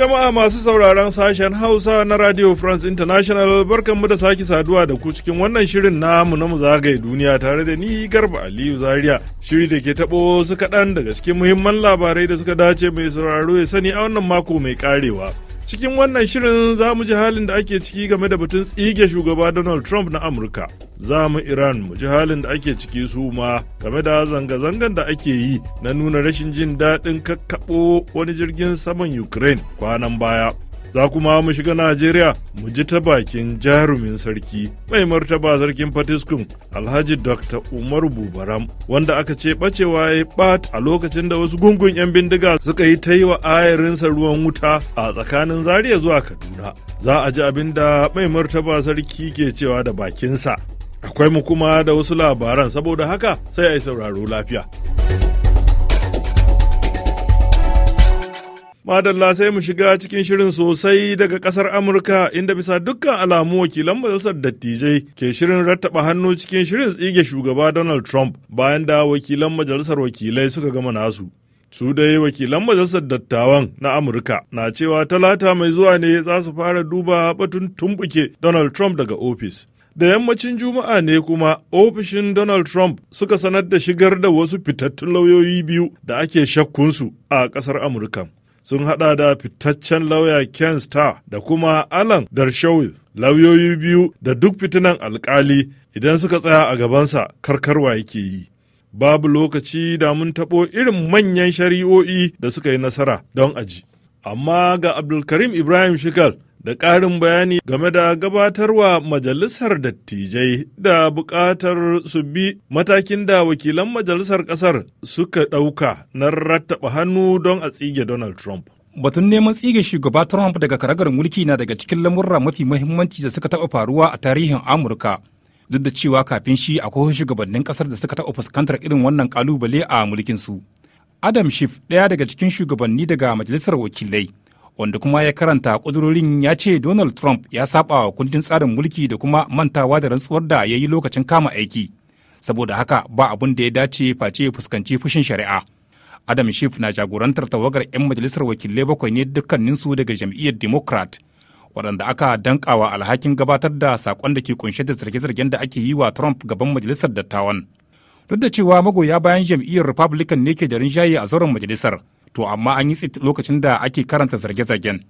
Jama'a masu sauraron sashen Hausa na Radio France International barkanmu da sake saduwa da ku cikin wannan shirin namu na zagaye duniya tare da ni Garba Aliyu Zaria. Shiri da ke tabo su kaɗan daga cikin muhimman labarai da suka dace mai sauraro ya sani a wannan mako mai karewa. Cikin wannan shirin za mu ji halin da ake ciki game da batun tsige shugaba Donald Trump na Amurka. Za mu Iran mu ji halin da ake ciki su ma game da zanga-zangan da ake yi na nuna rashin jin daɗin kakkaɓo wani jirgin saman Ukraine kwanan baya. za kuma mu shiga Najeriya mu ji ta bakin jarumin sarki mai martaba sarkin Fatiskun Alhaji Dr. Umar Bubaram wanda aka ce bacewa ya bat a lokacin da wasu gungun 'yan bindiga suka yi ta yi wa ayarinsa ruwan wuta a tsakanin Zaria zuwa Kaduna. Za a ji abin da mai martaba sarki ke cewa da bakinsa. Akwai mu kuma da wasu labaran saboda haka sai a yi sauraro lafiya. Madalla sai mu shiga cikin shirin sosai daga kasar Amurka inda bisa dukkan alamu wakilan majalisar dattijai ke shirin rattaba hannu cikin shirin tsige shugaba Donald Trump bayan da wakilan majalisar wakilai suka gama nasu. Su dai wakilan majalisar dattawan na Amurka na cewa talata mai zuwa ne za su fara duba batun tumbuke Donald Trump daga ofis. da yammacin juma'a ne kuma ofishin donald trump suka sanar da shigar da wasu fitattun lauyoyi biyu da ake shakkunsu a kasar amurka sun hada da fitaccen lauya Ken Starr da kuma Alan Dershowitz, lauyoyi biyu da duk fitinan alkali idan suka tsaya a gabansa karkarwa yake yi. Babu lokaci da mun taɓo irin manyan shari'o'i da suka yi nasara don aji. Amma ga Abdulkarim Ibrahim Shikal da ƙarin bayani game da gabatarwa majalisar dattijai da buƙatar su bi matakin da wakilan majalisar ƙasar suka ɗauka na rattaba hannu don a tsige Donald Trump. Batun neman tsige shugaba Trump daga karagar mulki na daga cikin lamurra mafi muhimmanci da suka taɓa faruwa a tarihin Amurka. Duk da cewa kafin shi akwai shugabannin ƙasar da suka taɓa fuskantar irin wannan ƙalubale a mulkinsu. Adam Schiff ɗaya daga cikin shugabanni daga majalisar wakilai wanda kuma ya karanta kudurorin ya ce Donald Trump ya saba wa kundin tsarin mulki da kuma mantawa da rantsuwar da ya yi lokacin kama aiki. Saboda haka ba abin da ya dace face fuskanci fushin shari'a. Adam Schiff na jagorantar tawagar 'yan majalisar wakilai bakwai ne dukkaninsu daga jam'iyyar Democrat. waɗanda aka dankawa alhakin gabatar da saƙon da ke kunshe da zarge-zargen da ake yi wa Trump gaban majalisar dattawan. Duk da cewa magoya bayan jam'iyyar Republican ne ke da rinjaye a zauren majalisar, to amma an yi tsit lokacin da ake karanta zarge-zargen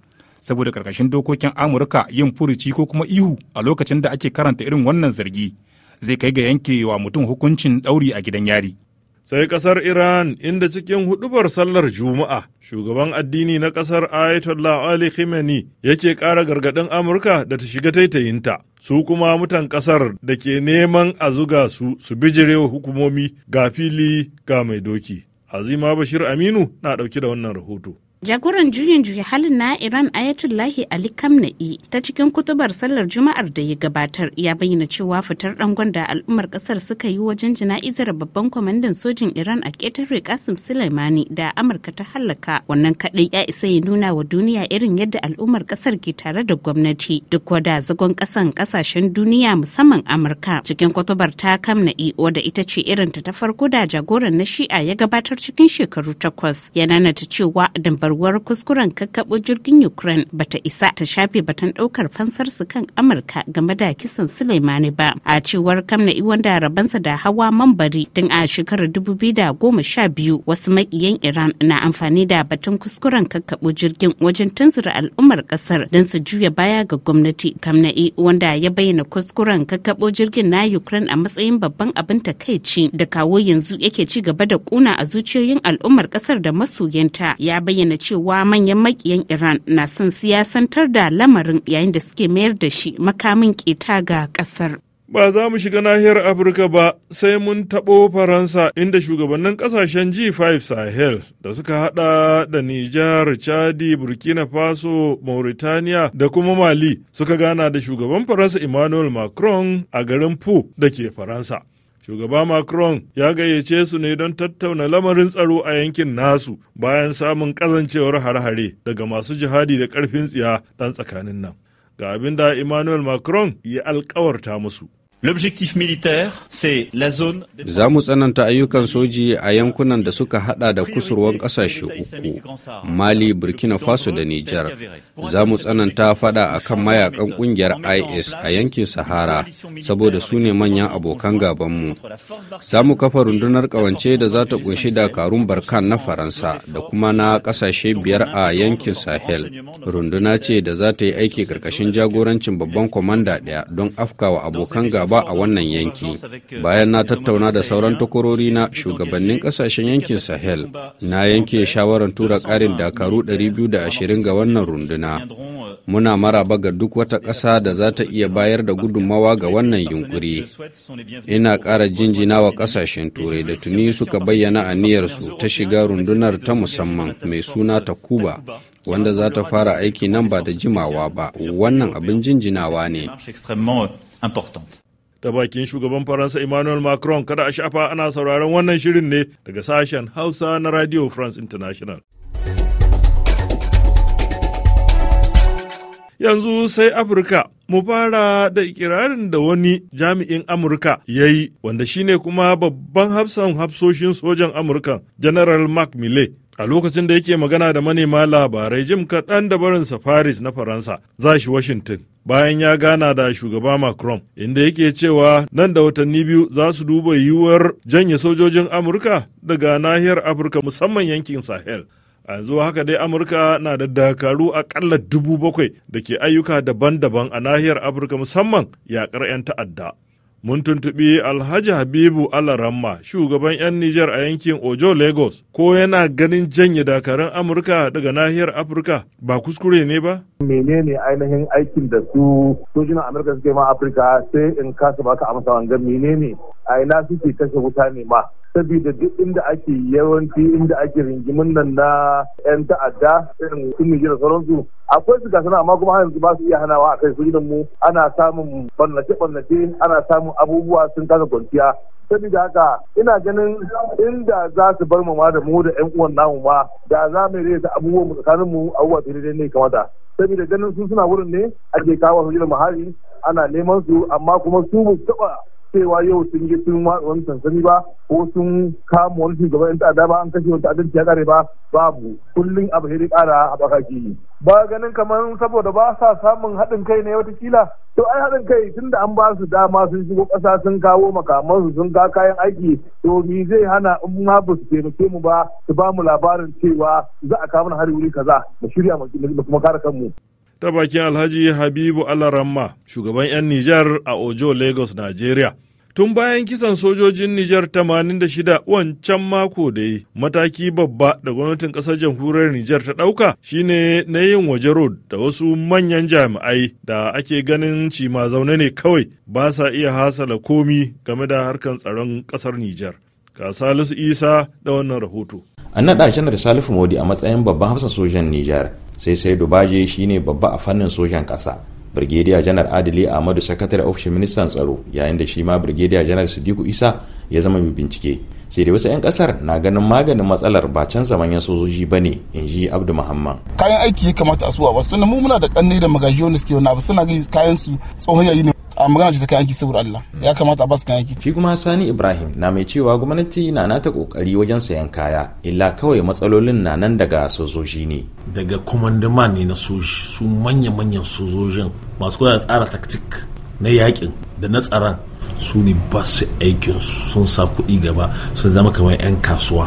saboda karkashin dokokin amurka yin furuci ko kuma ihu a lokacin da ake karanta irin wannan zargi zai kai ga yankewa mutum hukuncin ɗauri a gidan yari sai kasar iran inda cikin hudubar sallar juma'a shugaban addini na kasar ayatollah ali khimeni yake kara gargadin amurka da ta shiga taitayinta su kuma mutan kasar da ke neman a zuga su su bijirewa hukumomi ga fili ga mai doki Hazima Bashir Aminu na ɗauke da wannan rahoto. Jagoran juyin juya halin na Iran Ayatullahi Ali Kamna'i ta cikin kutubar sallar Juma'ar da ya gabatar ya bayyana cewa fitar dangon gwanda al'ummar kasar suka yi wajen jana'izar babban kwamandan sojin Iran a ƙetare Kasim sulaimani da Amurka ta hallaka wannan kadai ya isa ya nuna wa duniya irin yadda al'ummar kasar ke tare da gwamnati duk wada zagon kasan kasashen duniya musamman Amurka cikin kutubar ta Kamna'i wadda ita ce irin ta ta farko da jagoran na Shi'a ya gabatar cikin shekaru takwas ya nanata cewa dambar faruwar kuskuren kakkaɓo jirgin Ukraine bata isa ta shafe batun ɗaukar su kan Amurka game da kisan Suleimani ba. A cewar kamna iwanda rabansa da hawa mambari tun a shekarar 2012 wasu makiyan Iran na amfani da batun kuskuren kakkaɓo jirgin wajen tunzura al'ummar kasar don su juya baya ga gwamnati i wanda ya bayyana kuskuren kakkaɓo jirgin na Ukraine a matsayin babban abin takaici da kawo yanzu yake ci gaba da kuna a zuciyoyin al'ummar kasar da masoyanta ya bayyana cewa manyan makiyan Iran na son siyasantar da lamarin yayin da suke mayar da shi makamin keta ga kasar. Ba za mu shiga nahiyar Afirka ba sai mun taɓo Faransa inda shugabannin ƙasashen G5 Sahel da suka haɗa da Nijar, Chadi, Burkina Faso, Mauritania da kuma Mali suka gana da shugaban Faransa Emmanuel Macron a garin Pu da ke Faransa. Shugaba Macron ya gayyace su ne don tattauna lamarin tsaro a yankin nasu bayan samun kazancewar hare-hare daga masu jihadi da ƙarfin tsiya ɗan tsakanin nan. Ga abin da Emmanuel Macron ya alkawarta musu. Za mu tsananta ayyukan soji a yankunan da suka hada da kusurwan kasashe uku, Mali, Burkina Faso da Nijar. Za mu tsananta fada a kan mayakan ƙungiyar IS a yankin Sahara, saboda su ne manyan abokan gabanmu. Za mu kafa rundunar ƙawance da za ta ƙunshi dakarun Barkan na Faransa da kuma na ƙasashe biyar a yankin Sahel. Runduna ce da za ta yi aiki ƙarƙashin jagorancin babban kwamanda ɗaya don afkawa abokan gaban gaba a wannan yanki bayan na tattauna da sauran takwarori na shugabannin kasashen yankin sahel na yanke shawarar tura karin dakaru 220 ga wannan runduna muna maraba ga duk wata ƙasa da za ta iya bayar da gudummawa ga wannan yunkuri ina ƙara jinjina wa ƙasashen turai da tuni suka bayyana aniyarsu ta shiga rundunar ta musamman mai suna ta kuba wanda za ta fara aiki nan ba da jimawa ba wannan abin jinjinawa ne da bakin shugaban Faransa Emmanuel Macron kada a shafa ana sauraron wannan shirin ne daga sashen Hausa na Radio France International. yanzu sai Afirka. Mu fara da ikirarin da wani jami'in Amurka ya yi, wanda shine kuma babban hafsan hafsoshin sojan Amurka, General Mark Millet A lokacin da yake magana da manema labarai jim kaɗan da barinsa Paris na Faransa, za shi Washington. bayan ya gana da shugaba Macron, inda yake cewa nan da watanni biyu za su duba yiwuwar janye sojojin Amurka daga nahiyar Afirka musamman yankin Sahel. A yanzu haka dai Amurka na da dakaru akalla dubu bakwai da ke ayyuka daban-daban a nahiyar Afirka musamman yaƙar 'yan ta'adda. Mun tuntuɓi Alhaji Habibu Alaramma, shugaban 'yan Nijar a yankin Ojo Lagos, ko yana ganin janye dakarun Amurka daga nahiyar Afirka ba kuskure ne ba? Menene ainihin aikin da su sojojin Amurka suke ma Afirka sai in kasa baka amsa wanga menene a ina suke kashe wuta ne ma. saboda duk inda ake yawanci inda ake rigimin nan na 'yan ta'adda irin sun da sauransu akwai su gasa amma kuma yanzu ba su iya hanawa a kai su mu ana samun ɓannace-ɓannace ana samun abubuwa sun kasa kwanciya sabida haka ina ganin inda za su bar mu ma da mu da yan uwan namu ma da za mu rage abubuwan mu tsakanin mu abubuwa daidai ne kamata saboda ganin su suna wurin ne ake kawo su mahari ana neman su amma kuma su mu taba cewa yau sun yi sun wani sansani ba ko sun kama wani shugaban yan ta'adda ba an kashe wani ta'addanci ya kare ba babu kullum a sai kara a bakaki ba ganin kamar saboda ba sa samun haɗin kai ne watakila to ai haɗin kai tunda an ba su dama sun shigo ƙasa sun kawo makamansu sun ga kayan aiki to me zai hana in ma ba su taimake mu ba su ba mu labarin cewa za a kawo mana hari wuri kaza mu shirya mu kuma kare kanmu ta bakin Alhaji Habibu Alaramma, shugaban 'yan Nijar a Ojo, Lagos, nigeria Tun bayan kisan sojojin Nijar 86 wancan mako da yi, mataki babba da gwamnatin ƙasar jamhuriyar Nijar ta ɗauka shine na yin waje road da wasu manyan jami'ai da ake ganin cima zaune ne kawai ba sa iya hasala komi game da harkar tsaron kasar Nijar. Ga Salisu Isa da wannan rahoto. An naɗa Janar Salifu Modi a matsayin babban hafsan sojan Nijar sai sai dubaje shine babba a fannin sojan kasa birgediya janar adili ahmadu sakatare ofishin ministan tsaro yayin da shi ma birgediya janar sidiku isa ya zama mai bincike sai da wasu 'yan kasar na ganin maganin matsalar ba can zaman sojoji ba ne in ji abdu muhammad kayan aiki ya kamata a suwa wasu mu muna da kanne da magaji ke suke wani abu suna kayan su tsohon yayi ne a magana ce saboda Allah mm. ya kamata a basu kayan aiki shi kuma Sani Ibrahim na mai cewa gwamnati na nata kokari wajen sayan kaya illa kawai matsalolin na nan daga sojoji ne daga commandement ne na soji su manya-manyan sojojin masu kula da tsara taktik na yakin da na tsaron su ne ba su aikin sun sa kuɗi gaba sun zama kamar 'yan kasuwa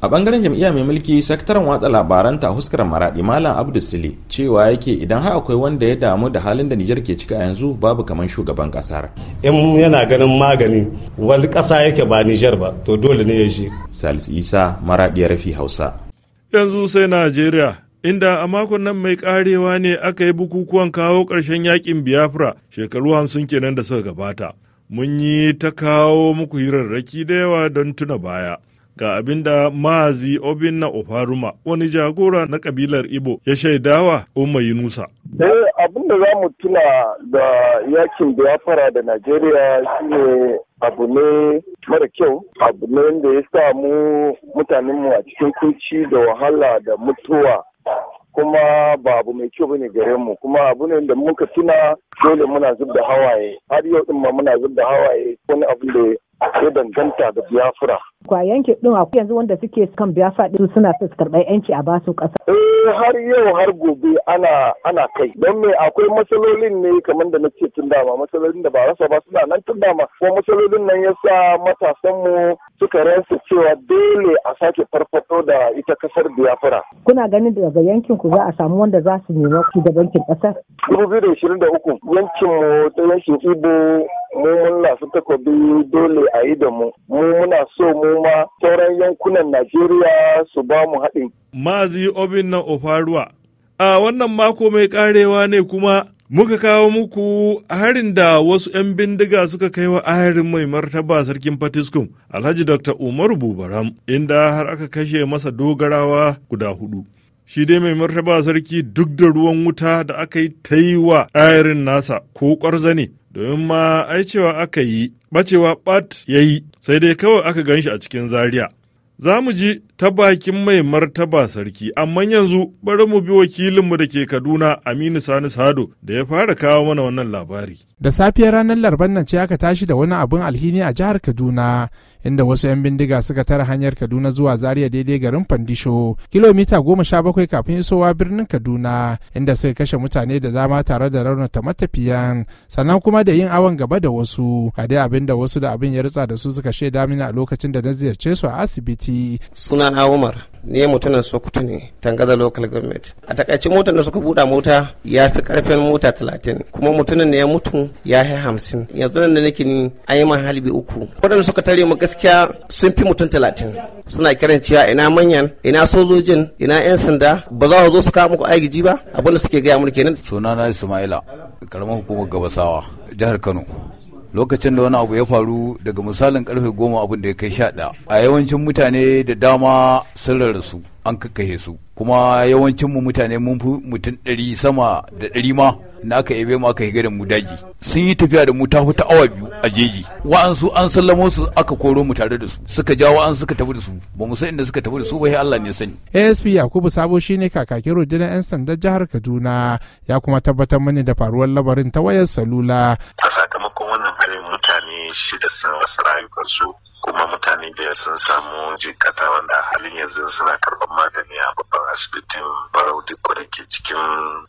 a bangaren jam'iyya mai mulki sakataren watsa labaran ta huskar maradi malam abdul sule cewa yake idan har akwai wanda ya damu da halin da nijar ke cika yanzu babu kamar shugaban kasar in yana ganin magani wani kasa yake ba nijar ba to dole ne ya shi salis isa maradi rafi hausa yanzu sai najeriya inda a makon nan mai karewa ne aka yi bukukuwan kawo ƙarshen yakin biafra shekaru hamsin kenan da suka gabata mun yi ta kawo muku hirarraki da yawa don tuna baya Ga abin da obin na Ofaruma wani jagora na kabilar Ibo ya shaidawa Umma Yunusa. Eh, abin da za mu tuna da yakin biyafara da Najeriya shine abu ne mara kyau abu ne da ya samu mutanenmu a cikin kunci da wahala da mutuwa kuma ba abu mai kyau bane gare mu kuma abu ne da muka tuna dole muna zub da hawaye har yau din ma muna zub da hawaye wani abu da ya danganta da biyafura kwayan ke din akwai yanzu wanda suke kan biya faɗi suna su karɓar yanci a basu ƙasa. Eh, har yau har gobe ana ana kai don me akwai matsalolin ne kamar da nace tun dama matsalolin da ba rasa ba suna nan tun dama kuma matsalolin nan yasa matasan mu suka rasa cewa dole a sake farfado da ita kasar Biafra. Kuna ganin daga yankin ku za a samu wanda za su nema bankin ƙasar? Dubu biyu da ishirin da uku yankin mu ta yankin Ibo mu muna su takobi dole a yi da mu mu muna so mu koma sauran yankunan Najeriya su ba mu haɗin. Mazi Obin nan Ofaruwa, a wannan mako mai ƙarewa ne kuma muka kawo muku harin da wasu 'yan bindiga suka kai wa aharin mai martaba sarkin Fatiskum, Alhaji Dr. Umaru Bubaram, inda har aka kashe masa dogarawa guda hudu. shi dai mai martaba sarki duk da ruwan wuta da aka yi ta yi wa ayarin nasa ko ƙwarza ne domin ma ai cewa aka yi ɓacewa ɓat ya yi sai dai kawai aka gan shi a cikin zaria za mu ji ta bakin mai martaba sarki amma yanzu bari mu bi wakilinmu da ke kaduna aminu sani sado da ya fara kawo mana wannan labari da safiyar ranar larban nan ce aka tashi da wani abin alhini a jihar kaduna inda wasu 'yan bindiga suka tara hanyar kaduna zuwa zaria daidai garin fandisho kilomita goma sha bakwai kafin isowa birnin kaduna inda suka kashe mutane da dama tare da raunata matafiyan sannan kuma da yin awon gaba da wasu a dai abin da wasu da abin ya ritsa da su suka shaida mini a lokacin da na ziyarce su a asibiti suna na umar ne mutumin sokoto ne tangaza local government a takaice motar da suka buɗa mota ya fi karfin mota talatin kuma mutumin ne ya mutu ya yi hamsin yanzu nan da nake ni an yi man halibi uku waɗanda suka tare mu gaskiya sun fi mutum talatin suna kiran cewa ina manyan ina sojojin ina yan sanda ba za su zo su kawo muku aigiji ba abinda suke gaya mulki kenan sunana ismaila karamar hukumar gabasawa jihar kano lokacin da wani abu ya faru daga misalin karfe goma abin da ya kai sha a yawancin mutane da dama sun rarrasu an kakkahe su kuma yawancin mu mutane mun fi mutum ɗari sama da ɗari ma na aka yabe mu aka higa da mu daji sun yi tafiya da mu ta huta awa biyu a jeji wa'ansu an sallamo su aka koro mu tare da su suka ja wa'ansu suka tafi da su ba mu san inda suka tafi da su ba Allah ne sani ASP Yakubu Sabo shine kakakin rundunar yan sanda jihar Kaduna ya kuma tabbatar mani da faruwar labarin ta wayar salula shi da san rasa rayukansu kuma mutane biyar sun samu jikata wanda halin yanzu suna karɓar magani a babban asibitin barau duk da ke cikin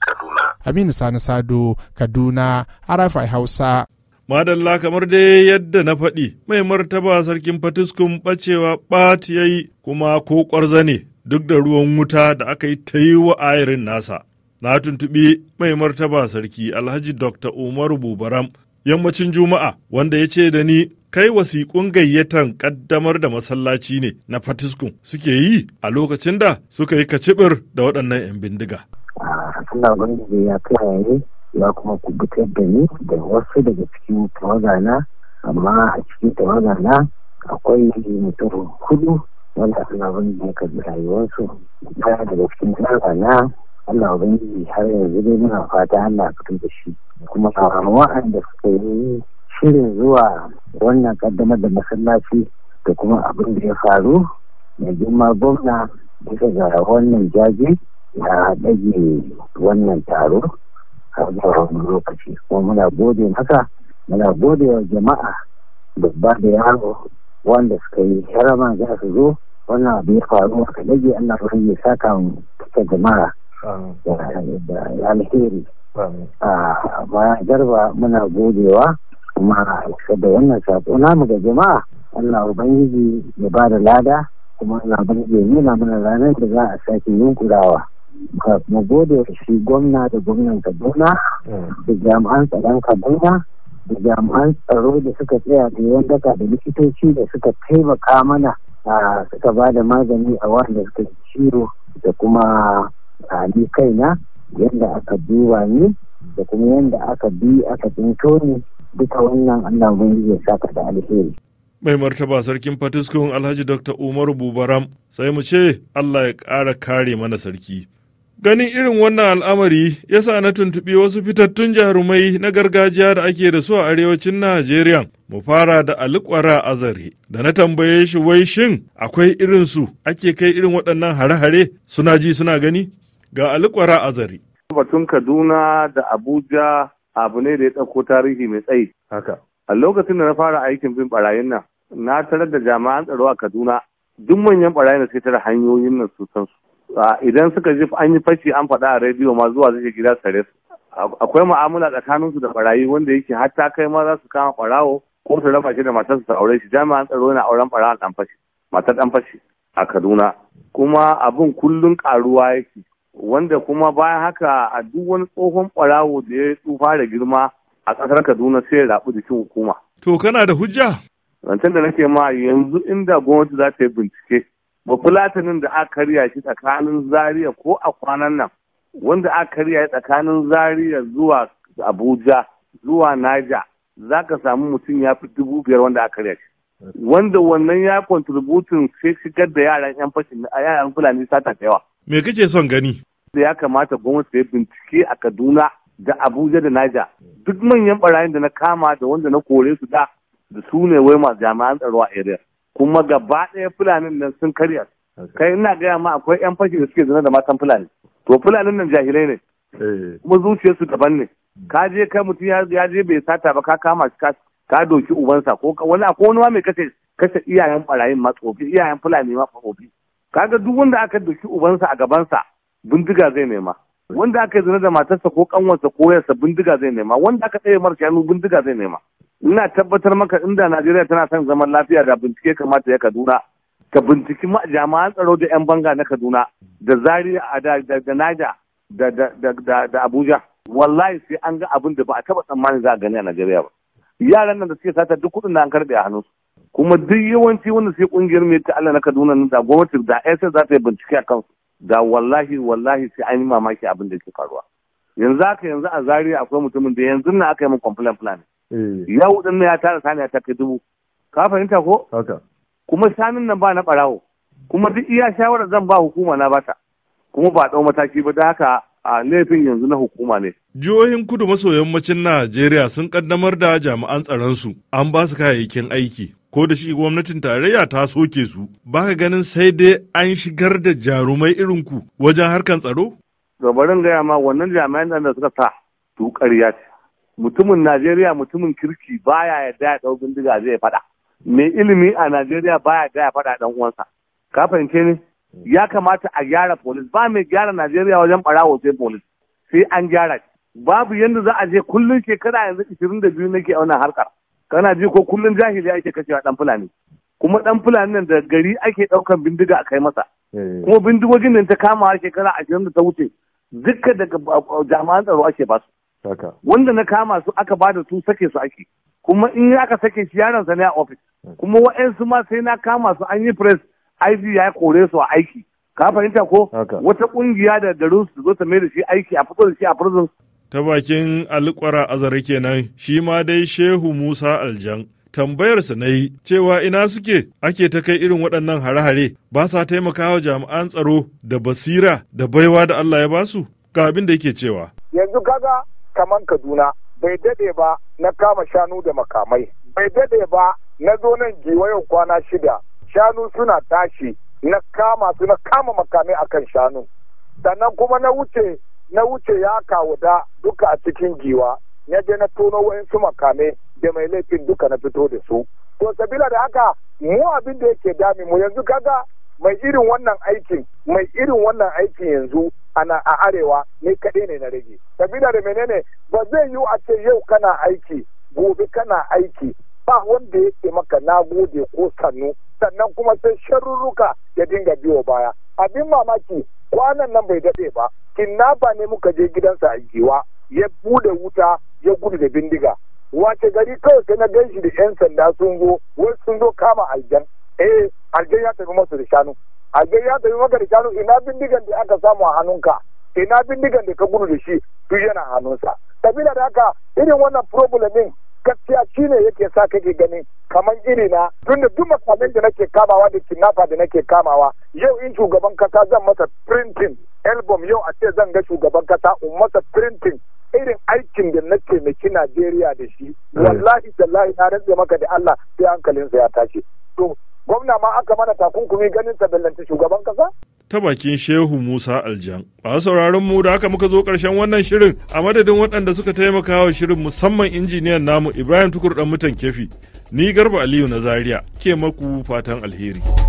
kaduna. aminu sani sado kaduna arafai hausa madalla kamar dai yadda na faɗi mai martaba sarkin fatiskun ɓacewa ɓat ya yi kuma ko ƙwarza ne duk da ruwan wuta da aka yi ta yi wa ayarin nasa na tuntuɓi mai martaba sarki alhaji dr umaru bubaram yammacin Juma'a wanda ya ce da ni kai wasiƙun gayyatan ƙaddamar da masallaci ne na Fatiskun suke yi a lokacin da suka yi kacibir da waɗannan 'yan bindiga. Allah Ubangiji ya kayaye ya kuma kubutar da ni da wasu daga cikin tawagana amma a cikin tawagana akwai mutum hudu wanda Allah Ubangiji ya karbi rayuwarsu. Ɗaya daga cikin tawagana Allah ubangiji har yanzu dai muna fata Allah fito da shi kuma tsaron wa'anda suka yi shirin zuwa wannan kaddamar da masallaci da kuma abin da ya faru mai girma gwamna bisa ga wannan jaji ya ɗage wannan taro har zuwa wani lokaci kuma muna gode maka muna gode wa jama'a babba da yaro wanda suka yi sharama za su zo wannan abu ya faru ka ɗage Allah ya saka mu ta jama'a alheri alheri ah, ma garba muna godewa kuma da wannan sako namu ga jama'a Allah Ubangiji ya ba da lada kuma Allah Ubangiji ya nuna mana ranar da za a sake yin kurawa. Mu gode shi gwamna da gwamnan Kaduna da jami'an tsaron Kaduna da jami'an tsaro da suka tsaya da yawan daka da likitoci da suka taimaka mana ah, suka ba da magani a wanda suka ciwo da kuma ni kaina yadda aka duba ni da kuma yadda aka bi aka tsinto ni duka wannan Allah ubangiji ya saka da alheri mai martaba sarkin fatiskun alhaji dr umaru bubaram sai mu ce allah ya ƙara kare mana sarki ganin irin wannan al'amari ya sa na tuntuɓi wasu fitattun jarumai na gargajiya da ake da su a arewacin najeriya mu fara da alikwara azare da na tambaye shi wai shin akwai irinsu ake kai irin waɗannan hare-hare suna ji suna gani Ga Alikwara Azari. Batun Kaduna da Abuja abu ne da ya ɗauko tarihi mai tsayi. Haka. A lokacin da na fara aikin bin barayin nan, na tarar da jami'an tsaro a Kaduna duk manyan barayin da suke tara hanyoyin nan su san su. Idan suka ji an yi fashi an faɗa a rediyo ma zuwa zai gida sare su. Akwai mu'amala tsakanin su da barayi wanda yake ta kai ma za su kama ɓarawo ko su raba shi da matarsa su aure shi jami'an tsaro yana auren ɓarawon ɗan fashi matar ɗan fashi a Kaduna. Kuma abin kullum ƙaruwa yake wanda kuma bayan haka a duk wani tsohon ɓarawo da ya tsufa da girma a ƙasar Kaduna sai ya rabu jikin hukuma. To kana da hujja? zancen da nake ma yanzu inda gwamnati za ta yi bincike ba fulatinin da aka karya shi tsakanin Zaria ko a kwanan nan wanda aka karya tsakanin Zaria zuwa Abuja zuwa Naja za ka samu mutum ya fi dubu biyar wanda aka karya shi. Wanda wannan ya kontributin sai shigar da yaran 'yan fashin yaran Fulani sata da yawa. Me kake son gani? da ya kamata gwamnati ya bincike a kaduna da abuja da niger duk manyan barayin da na kama da wanda na kore su da da su ne wai masu jami'an tsaro a area kuma gaba ɗaya fulanin nan sun karya kai ina gaya ma akwai yan fashi da suke zina da matan fulani to fulanin nan jahilai ne eh. kuma zuciyarsu daban ne hmm. ka je kai mutum ya je bai sata ba ka kama shi ka doki ubansa ko wani akwai wani kashe kashe iyayen barayin ma tsofi iyayen fulani ma tsofi kaga duk wanda aka doki ubansa a gabansa bindiga zai nema wanda aka yi zina da matarsa ko kanwarsa ko yarsa bindiga zai nema wanda aka tsaye mara shanu bindiga zai nema ina tabbatar maka inda najeriya tana son zaman lafiya da bincike kamata ya kaduna ka binciki jami'an tsaro da 'yan banga na kaduna da zari da naja da abuja wallahi sai an ga abin da ba a taba tsammanin za a gani a najeriya ba yaran nan da suke sata duk kudin da an karbe a hannu kuma duk yawanci wanda sai kungiyar mai ta Allah na Kaduna nan da gwamnati da SS za ta yi bincike a kansu da wallahi wallahi sai an yi mamaki abin da ke faruwa yanzu haka yanzu a Zariya akwai mutumin da yanzu na aka yi min complain plan eh. yau din ya tara sani ta kai dubu ka fahimta ko kuma sanin nan ba na barawo kuma duk iya shawarar zan ba hukuma na bata kuma ba dau mataki ba da haka a laifin yanzu na hukuma ne. Jihohin kudu maso yammacin Najeriya sun kaddamar da jami'an tsaron su an ba su kayayyakin aiki ko da shi gwamnatin tarayya ta soke su ba ka ganin sai dai an shigar da jarumai irin ku wajen harkar tsaro? gabarin gaya ma wannan jami'an da suka sa tukar ya ce mutumin najeriya mutumin kirki baya ya ya ɗau bindiga zai faɗa mai ilimi a najeriya baya ya ya faɗa ɗan uwansa ka fahimce ne ya kamata a gyara polis ba mai gyara najeriya wajen ɓarawo sai polis sai an gyara babu yadda za a je kullum shekara yanzu biyu nake a wannan harkar kana ji ko kullum jahili ake kashewa dan fulani kuma dan fulani nan da gari ake daukan bindiga a kai masa eh. kuma bindigogin nan ta kama shekara ashirin da ta wuce dukkan daga uh, jami'an tsaro ake ba su wanda na kama su aka ba da su sake su ake kuma in aka sake shi yaron sa ne a ofis eh. kuma wa'ansu ma sai na kama su an yi press IG ya kore su a aiki ka fahimta ko wata kungiya da garin su zo ta mai da shi aiki a fito da shi a prison ta bakin alƙwara azare kenan shi ma dai shehu musa aljan tambayarsa na yi cewa ina suke ake ta kai irin waɗannan hare-hare ba sa taimakawa jami'an tsaro da basira da baiwa da Allah ya basu ga abin da yake cewa. Yanzu gaga kamar Kaduna bai dade ba na kama shanu da makamai bai dade ba na zo nan giwayen kwana shida shanu suna tashi na kama su na kama makamai akan shanu sannan kuma na wuce na wuce ya kawo da duka a cikin giwa ya je na tono wa'insu makame da mai laifin duka na fito da su to sabila da haka mu abin da yake dami mu yanzu kaga mai irin wannan aikin mai irin wannan aikin yanzu ana a arewa ne kaɗai ne na rage sabila da menene ba zai yiwu a ce yau kana aiki gobe kana aiki ba wanda yake maka na gode ko sannu sannan kuma sai sharurruka ya dinga biyo baya abin mamaki kwanan nan bai daɗe ba ba ne muka je gidansa a giwa ya bude wuta ya gudu da bindiga wace gari kawai sai na gan shi da yan sanda sun zo wai sun zo kama aljan eh aljan ya tafi masa da shanu aljan ya tafi maka da shanu ina bindigan da aka samu a hannunka ina bindigan da ka gudu da shi duk yana hannunsa sabila da haka irin wannan problem gaskiya shi ne yake sa kake ganin kamar iri na tunda duk makamin da nake kamawa da kinnafa da nake kamawa yau in shugaban kasa zan masa printing album yau a ce zan ga shugaban kasa in masa printing irin aikin da na taimaki Najeriya da shi wallahi tallahi na rantse maka da Allah sai hankalinsa ya tashi to gwamna ma aka mana takunkumi ganin sa bellanci shugaban kasa ta bakin Shehu Musa Aljan. Masu sauraron mu da haka muka zo karshen wannan shirin a madadin waɗanda suka taimaka wa shirin musamman injiniyan namu Ibrahim Tukur ɗan mutan kefi. Ni Garba Aliyu na Zaria ke maku fatan alheri.